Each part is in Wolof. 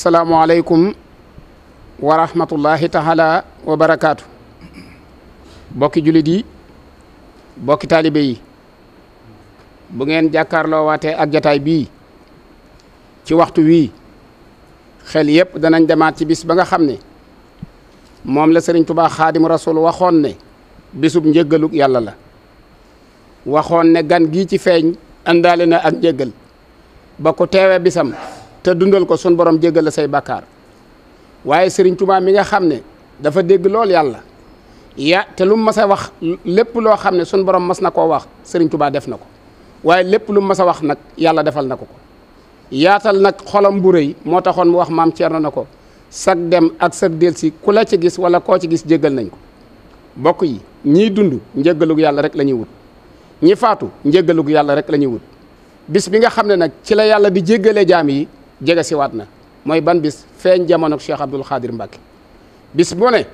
asalaamualeykum wa rahmatullahi taala wa barakaatu bokki jullit yi bokki taalibe yi bu ngeen jàkkaarloo waatee ak jataay bii ci waxtu wii xel yépp danañ demaat ci bis ba nga xam ne moom la sëriñ tubaa xaadim rasul waxoon ne bisub njëggaluk yàlla la waxoon ne gan gi ci feeñ àndaale na ak njëggal ba ko bisam te dundal ko sun borom jéggal la say bakkaar waaye Serigne Touba mi nga xam ne dafa dégg lool yàlla ya te lu mu mas a wax lépp loo xam ne sun borom mas na koo wax sëriñ tubaa def na ko waaye lépp lu mu mas a wax nag yàlla defal na ko ko yaatal nag xolam bu rëy moo taxoon mu wax maam Thierno na ko sag dem ak sag delsi ku la ci gis wala koo ci gis jéggal nañ ko bokk yi ñiy dund njéggalug yàlla rek la ñuy wut ñi faatu njéggalug yàlla rek la ñuy wut bis bi nga xam jaam yi jege siwaat na mooy ban bis feeñ jamono Cheikh Abdoul Khadir Mbacke bis bu ne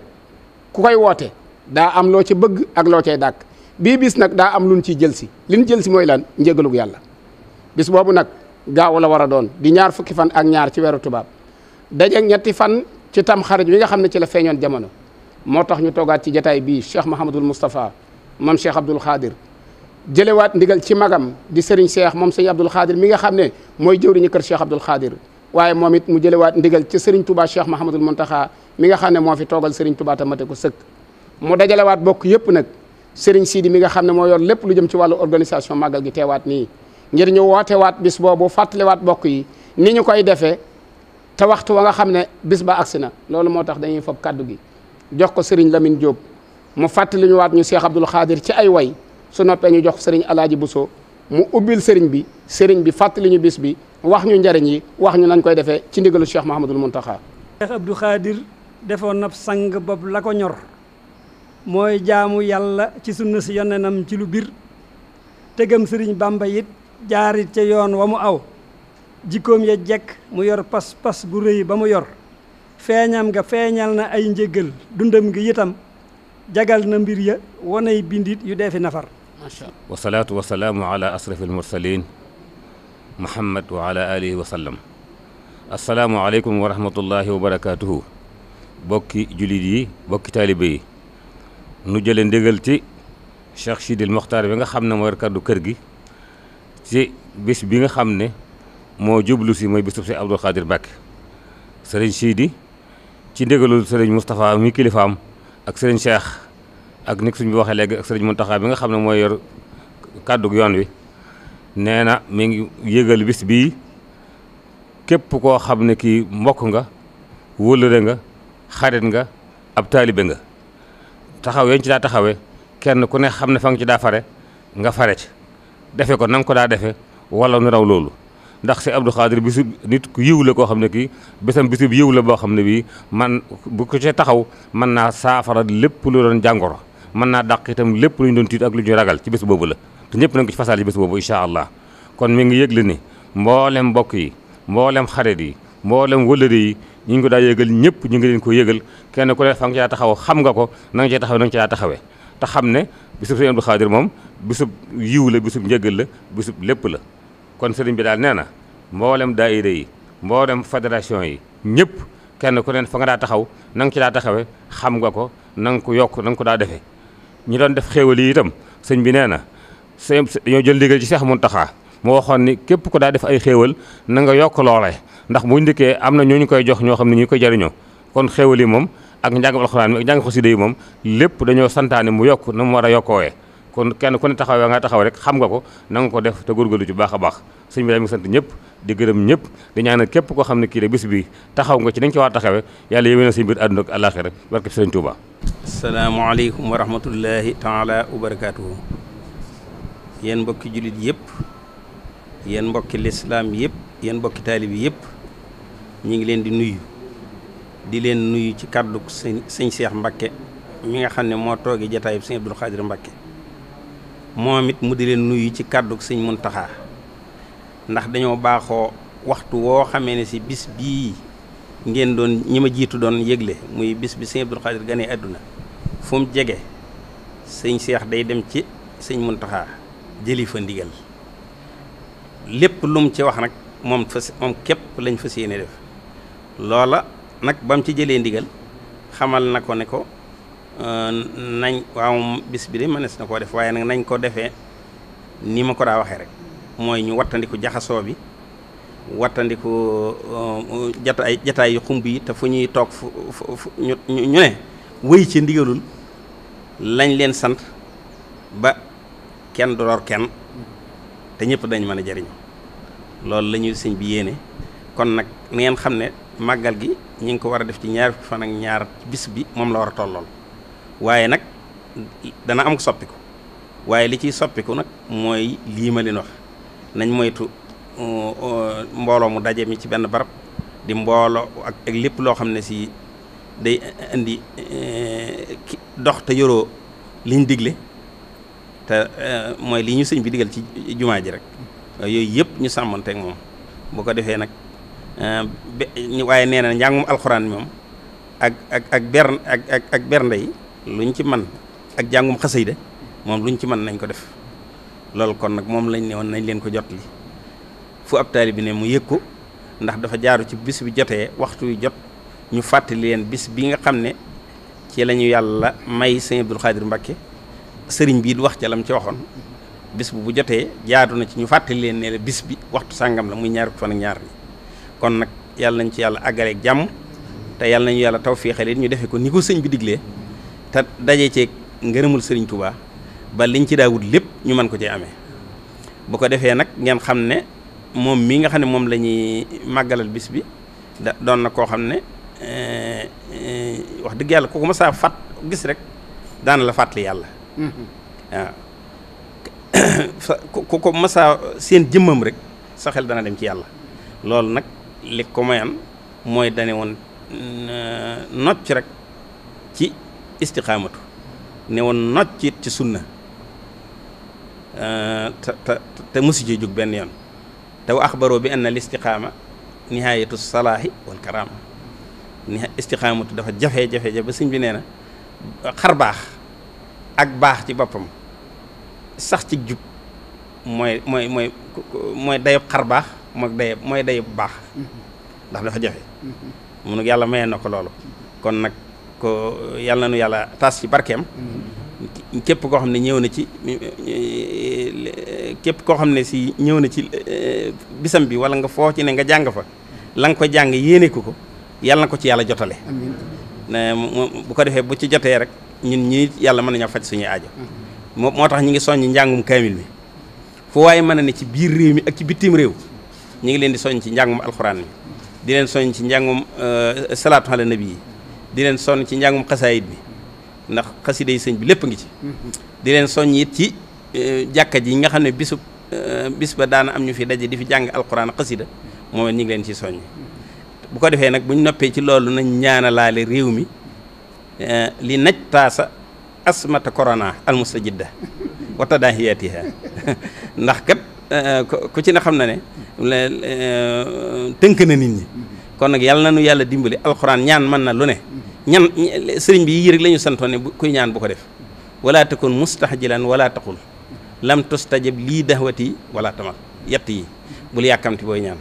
ku koy woote daa am loo ci bëgg ak loo cay dàkk bii bis nag daa am luñ ciy jël si liñ jël si mooy lan njëgalug yàlla bis boobu nag gaaw la war a doon di ñaar fukki fan ak ñaar ci weeru tubaab daje ñetti fan ci tam xarit wi nga xam ne ci la feeñoon jamono moo tax ñu toogaat ci jataay bii Cheikh Mahamadul Moustapha moom Cheikh Abdoul Khadir jëlewaat ndigal ci magam di Serigne Cheikh moom Serigne Abdoul Khadir mi nga xam ne mooy jëwriñu kër Cheikh Abdoul Khadir waaye moom it mu jëlewaat ndigal ci Serigne Touba Cheikh Mahamadul Montaxa mi nga xam ne moo fi toogal Serigne Touba tamate ko sëkk mu waat bokk yëpp nag sii di mi nga xam ne moo yor lépp lu jëm ci wàllu organisation màggal gi teewaat nii ngir ñu wootewaat bis boobu waat bokk yi ni ñu koy defee te waxtu wa nga xam ne bis ba agsi na loolu moo tax dañuy fob kaddu gi jox ko Serigne Lamine Diop mu fàttali ñu ñu Cheikh Abdoul Khadir ci ay way su noppee ñu jox sëriñ alaaji Buso mu ubbil sëriñ bi sëriñ bi fàttali ñu bis bi wax ñu njariñ yi wax ñu nañ koy defee ci ndigalu Cheikh Mahamadul Muntaxa Cheikh Abdou Khadir defoon na sang bopp la ko ñor mooy jaamu yàlla ci sunna si yonenam ci lu bir tegam sëriñ Bamba it jaarit ca yoon wa mu aw jikkoom ya jekk mu yor pas-pas bu rëy ba mu yor feeñam nga feeñal na ay njégal dundam gi itam jagal na mbir ya wonay bindit yu deefi nafar wasalaatu wasalaamu ala asrafi almursalin muhammad wa ala wa sallam asalaamualeykum wa rahmatullahi wa barakaatuhu bokki jullit yi bokki taalibe yi nu jële ndigal ci Cheikh Sidil Mokhtar bi nga xam ne mooy kaddu kër gi ci bis bi nga xam ne moo jublu si mooy bisub si Abdul Xaadir Mbàkke sëriñ Sidi ci ndigalul sëriñ Moustapha mi kilifaam ak sëriñ Cheikh ak ni ko sëñ bi waxee léegi ak sëriñ Mountakha bi nga xam ne mooy yor kàddug yoon wi nee na mi ngi yëgal bis bii képp koo xam ne kii mbokk nga wóllëre nga xarit nga ab taalibe nga taxaw yañ ci daa taxawe kenn ku ne xam ne fa nga ci daa fare nga fare ci defe ko na nga ko daa defe wala nu raw loolu ndax si Abdou Khadir bisu nit ku koo xam ne kii bésam bisib yiw la boo xam ne bii man bu ko ci taxaw mën naa saafara lépp lu doon jàngoro mën naa dàq itam lépp lu ñu doon tiit ak lu ñu ragal ci bés boobu la te ñëpp nañ ko ci fasaal ci bés boobu incha allah kon mi ngi yëgle ni mboolem mbokk yi mboolem xarit yi mboolem wëllëre yi ñu ngi ko daa yëgal ñëpp ñu ngi leen ko yëgal kenn ku ne fa nga caa taxaw xam ko na nga cee taxaw na caa taxawee te xam ne bisub sëñ Abdou Khadir moom bisub yiw la bisub njëgal la bisub lépp la kon sëriñ bi daal nee na mboolem daayira yi mboolem fédération yi ñëpp kenn ku ne fa nga daa taxaw na nga ci daa taxawee xam nga ko na nga ko yokk na nga ko daa defee ñi doon def xéewal yi itam sëñ bi nee na sëñ dañoo jël ndigal ci Seex taxaa moo waxoon ni képp ku daa def ay xéewal na nga yokk loole ndax buñ ndikkee am na ñoo ñu koy jox ñoo xam ne ñu koy jariñoo kon xéewal yi moom ak njàngam alxuraan mi ak njàng xasida yi moom lépp dañoo santaane mu yokk na mu war a yokkoowee kon kenn ku ne taxawee nga taxaw rek xam nga ko na nga ko def te góorgóorlu ci baax a baax sëñ bi daal mi sant ñëpp di gërëm ñëpp di ñaanal képp koo xam ne kii de bi taxaw nga ci nañ ci war a taxawee yàlla yéwénal seen biir àdduna ak àllaaxira barke sëriñ Touba. salaamaaleykum wa rahmatullahi taala wa barakaatuhu yéen mbokki jullit yëpp yéen mbokki lislaam yëpp yéen mbokki taalib yëpp ñu ngi leen di nuyu di leen nuyu ci kàddu sëñ sëñ Cheikh Mbakke mi nga xam ne moo toogee jataayub sëñ Abdul Xaadir Mbakke moom it mu di leen nuyu ci kàddu sëñ Muntaxaa ndax dañoo baaxoo waxtu woo xamee ne si bis bii ngeen doon ñi ma jiitu doon yégle muy bis bi sëñ Abdul Xaadir ganee àdduna fu jege sëñ Seex day dem ci sëñ Muntaxa jëli fa ndigal lépp lu mu ci wax nag moom fas moom képp lañ fas yéene def loola nag ba ci jëlee ndigal xamal na ko ne ko euh, nañ waaw bis bi de mënees na koo def waaye nag nañ ko defee ni ma ko daa waxee rek mooy ñu wattandiku jaxasoo bi wattandiku euh, jataay jataay yu xumb yi te fu ñuy toog fu ñu ñu ne wëy ci ndigalul lañ leen sant ba kenn du lor kenn te ñëpp dañ mën a jariñ loolu la sëñ bi yéene kon nag ngeen xam ne màggal gi ñu ngi ko war a def ci ñaar fukki fan ak ñaar bis bi moom la war a tollool waaye nag dana am soppiku waaye li ciy soppiku nag mooy lii ma leen wax nañ moytu uh, uh, mbooloo mu daje mi ci benn barab di mbooloo ak ak lépp loo xam ne si day indi uh, dox te yoroo liñ digle te mooy li ñu sëñ bi digal ci jumaa ji rek yooyu yëpp ñu sàmmanteeg moom bu ko defee nag waaye nee na njàngum alxuraan moom ak ak ak ber bernde yi luñ ci man ak jàngum xasayda moom luñ ci mën nañ ko def loolu kon nag moom lañ ne woon nañ leen ko jot li fu ab bi ne mu yëg ko ndax dafa jaaru ci bis bi jotee waxtu wi jot ñu fàttali leen bis bi nga xam ne ci la ñu yàlla may sëñ Abdul Xaadir Mbàkke sëriñ bii du wax ca lam ci waxoon bis bu bu jotee jaadu na ci ñu fàttali leen ne la bi waxtu sàngam la muy ñaari fan ak ñaar ni kon nag yàlla nañu ci yàlla àggaleeg jàmm te yàlla nañu yàlla tawféexal ñu defee ko ni ko sëñ bi diglee te daje ceeg ngërëmul sëriñ Touba. ba ñu ci daa daawut lépp ñu mën ko ci amee bu ko defee nag ngeen xam ne moom mii nga xam ne moom lañuy màggalal bis bi da doon na koo xam ne eh, eh, wax dëgg yàlla ku ko mësaa fàtt gis rek daana la fàttali yàlla mm-hmm. waaw seen jëmmam rek sa dana dem ci yàlla loolu nag li ko mayan mooy dane woon eh, nocc rek ci istiqaamatu ne woon nocc ci sunna Euh, te te te ci jóg benn yoon te wa axbaroo bi anna al istiqaama nihaayatu salaahi wal karaama ni istiqaamatu dafa jafe jafe jafe ba sëñ bi nee na xar baax ak baax ci boppam sax ci jug mooy mooy mooy mooy dayab xar baax mooy dayab mooy baax ndax dafa jafe mu nag yàlla mayee na ko loolu kon nag ko yàlla na nu yàlla taas ci barkeem képp koo xam ne ñëw na ci képp koo xam ne si ñëw na ci eh, bisam bi wala nga foo ci ne nga jàng fa la nga ko jàng yéene ko ko yàlla na ko ci yàlla jotale bu ko defee bu ci jotee rek ñun ñii yàlla mën nañoo faj suñu aajo moo moo tax ñu ngi soññ njàngum kaamil mi fu waaye mën a ne ci biir réew mi ak ci bitim réew ñu ngi leen di soññ ci njàngum alxuraan mi di leen soññ ci njàngum eh, salaatu ala nabi yi di leen soññ ci njàngum xasaayit bi ndax xasida yi sëñ bi lépp ngi ci di leen soññ it ci euh, jàkka ji nga xam ne bisub euh, bis ba daana am ñu fi daje di fi jàng alquran xasida moom it ñu leen ci soññ bu ko defee nag buñ noppee ci loolu nañ ñaanalaale réew mi euh, li naj taasa asmata corona almustajidda wa tadahiyatiha ndax kat ku ci ne xam na ne tënk na nit ñi kon nag yàlla na nu yàlla dimbali alxuraan ñaan mën na lu ne ñan sëriñ bi yii rek la ñu santoone kuy ñaan bu ko def wala takun mustahjilan wala taqul lam tustajib lii dahwati wala tamal yett yi bul yàkkamti booy ñaan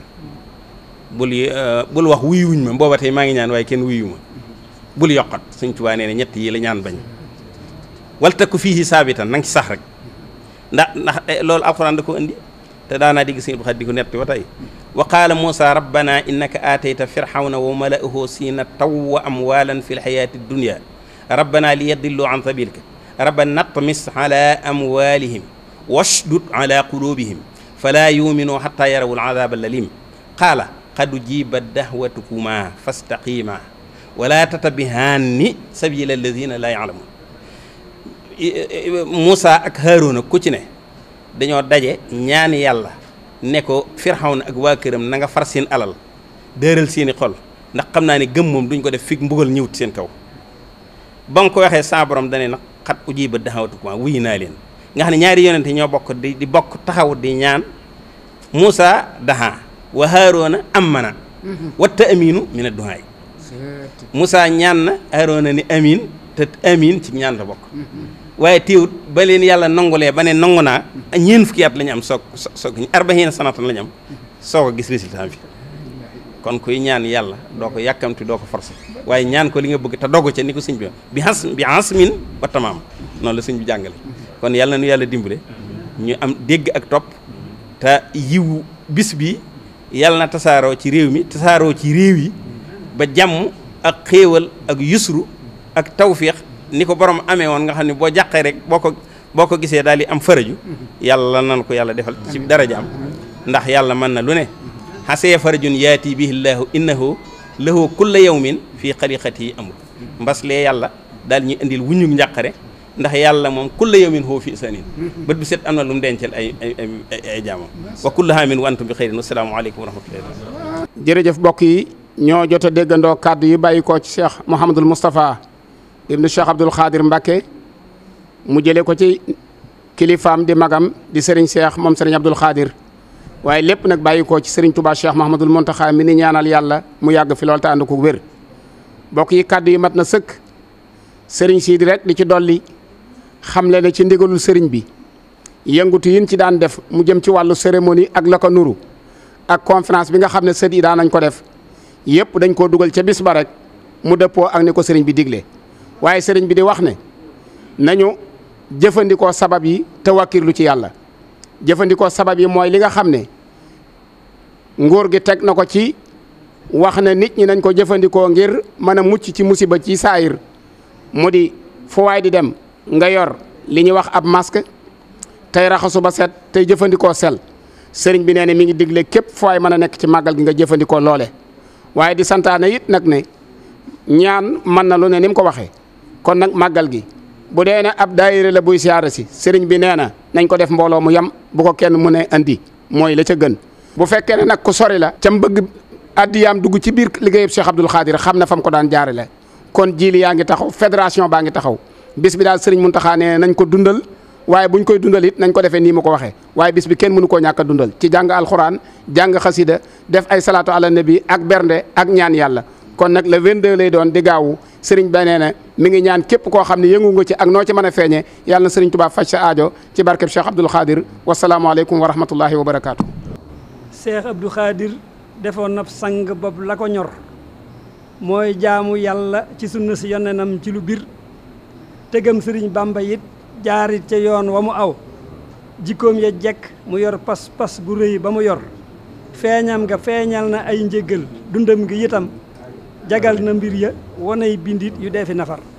bul eh, bul wax wuyuwuñ ma booba tey maa ngi ñaan waaye kenn wuyu ma bul yokkat suñ tubaa nee ne ñett yi la ñaan bañ wal takku fii saabitan na nga ci sax rek ndax ndax eh, loolu alxuraan da ko indi te daanaa dégg sëñ Abdou Khadre di ko netti ba tey wa qaala Muusa rabbana innaka aatayta firxawna wa mala'ahu zinatan wa amwaalan fi lxayaati dunya rabbana liyadillu an sabilika rabbana natmis ala amwaalihim washdud ala quluubihim falaa yuminuu xatta yarawu ladaaba alalim qaala qad ujibat dahwatukumaa fastaqimaa wala tatabihaanni sabila alladina laa yalamuun Muusa ak Haaruuna ku ci ne dañoo daje ñaan yàlla ne ko firxaw na ak waa këram nanga far seen alal dëral seeni xol ndax xam naa ne gëm moom duñ ko def fig mbugal ñëwut seen kaw ba mu ko waxee saa borom dane nag xat uji ba daxawatukumaa wuy naa leen nga xam ne ñaari yonente ñoo bokk di di bokk taxaw di ñaan Muusa daxa wa Haaroona amana watta aminu mina duhaay Muusa ñaan na Haaroona ni amin te amin ci ñaan la bokk mm-hmm. waaye téewut ba leen yàlla nangulee ba ne nangu naa ñeen fukki at la ñu am soog soog arbaxiina sanatan la ñu am soo ko gis résultat bi kon kuy ñaan yàlla doo ko yàkkamti doo ko forcé waaye ñaan ko li nga bëgg te dogg ca ni ko sëñ bi bi xas bi xas min ba tamaam noonu la sëñ bi jàngale kon yàlla nu yàlla dimbale ñu am dégg ak topp te yiw bis bi yàlla na tasaaroo ci réew mi tasaaroo ci réew yi ba jàmm ak xéewal ak yusru ak tawféex ni ko borom amee woon nga xam ne boo jàqee rek boo ko boo ko gisee daal di am faraju mm-hmm. yàlla nan ko yàlla defal ci daraja am ndax yàlla man na lu ne mm-hmm. xasee farajun yaati bihi llaahu innahu lahu kulla yawmin fii xariqati amul mm-hmm. mbas lee yàlla daal ñuy indil wuñu njàqare ndax yàlla moom kulla yawmin huwa fi sanin bët bi set am na lu mu dencal ay ay ay jaamam wa kullu haamin wa antum bi xayrin wassalaamu aleykum wa rahmatullahi jërëjëf mbokk yi ñoo jot a yi bàyyi koo ci Cheikh Mouhamadul Moustapha ibnu Cheikh Abdoul Khadir Mbacke mu jëlee ko ci kilifaam di magam di Serigne Cheikh moom Serigne Abdoul Khadir waaye lépp nag bàyyi ko ci Serigne Touba Cheikh Mahamadul Montaxa mi ni ñaanal yàlla mu yàgg fi lool te ànd ko wér mbokk yi kàddu yi mat na sëkk Serigne sii di rek di ci dolli xamle ne ci ndigalul Serigne bi yëngutu yin ci daan def mu jëm ci wàllu cérémonie ak la nuru ak conférence bi nga xam ne sët yi daan nañ ko def yëpp dañ koo dugal ca bis ba rek mu dëppoo ak ko Serigne bi digle. waaye sëriñ bi di wax ne nañu jëfandikoo sabab yi te wàkkirlu ci yàlla jëfandikoo sabab yi mooy li nga xam ne nguur gi teg na ko ci wax ne nit ñi nañ ko jëfandikoo ngir mën a mucc ci musiba ci saayir mu di fu waay di dem nga yor li ñuy wax ab masque tey raxasu ba set tey jëfandikoo sel sëriñ bi nee ne mi ngi digle képp foo waay mën a nekk ci màggal gi nga jëfandikoo loole waaye di santaane it nag ne ñaan mën na lu ne ni mu ko waxee kon nag màggal gi bu dee ne ab daayira la buy siyaara si sëriñ bi nee na nañ ko def mbooloo mu yam bu ko kenn mu ne andi mooy la ca gën bu fekkee ne nag ku sori la cam bëgg addiyaam dugg ci biir liggéeyub Cheikh Abdoul Khadir xam na fa mu ko daan jaarale kon jiili yaa ngi taxaw fédération baa ngi taxaw bis bi daal sëriñ Mountakha nee nañ ko dundal waaye buñ koy dundal it nañ ko defee nii mu ko waxee waaye bis bi kenn mënu koo ñàkk dundal ci jàng alxuraan jàng xasida def ay salaatu ala nabi ak bernde ak ñaan yàlla kon nag le 22 lay doon di gaawu sëriñ ba nee mi ngi ñaan képp koo xam ne yëngu nga ci ak noo ci mën a feeñe yàlla na sëriñ Tuubaa faj sa aajo ci barkeb Cheikh Abdoul Khadir wasalaamualeykum wa rahmatullahi wa barakaatu. Cheikh Abdou Khadir defoon na sang bopp la ko ñor mooy jaamu yàlla ci sunna si yonenam ci lu bir tegam sëriñ Bamba it jaarit ca yoon wa mu aw jikkoom ya jekk mu yor pas-pas bu rëy ba mu yor feeñam nga feeñal na ay njëgal dundam gi itam. jagal na mbir ya wanay bindit yu deefi nafar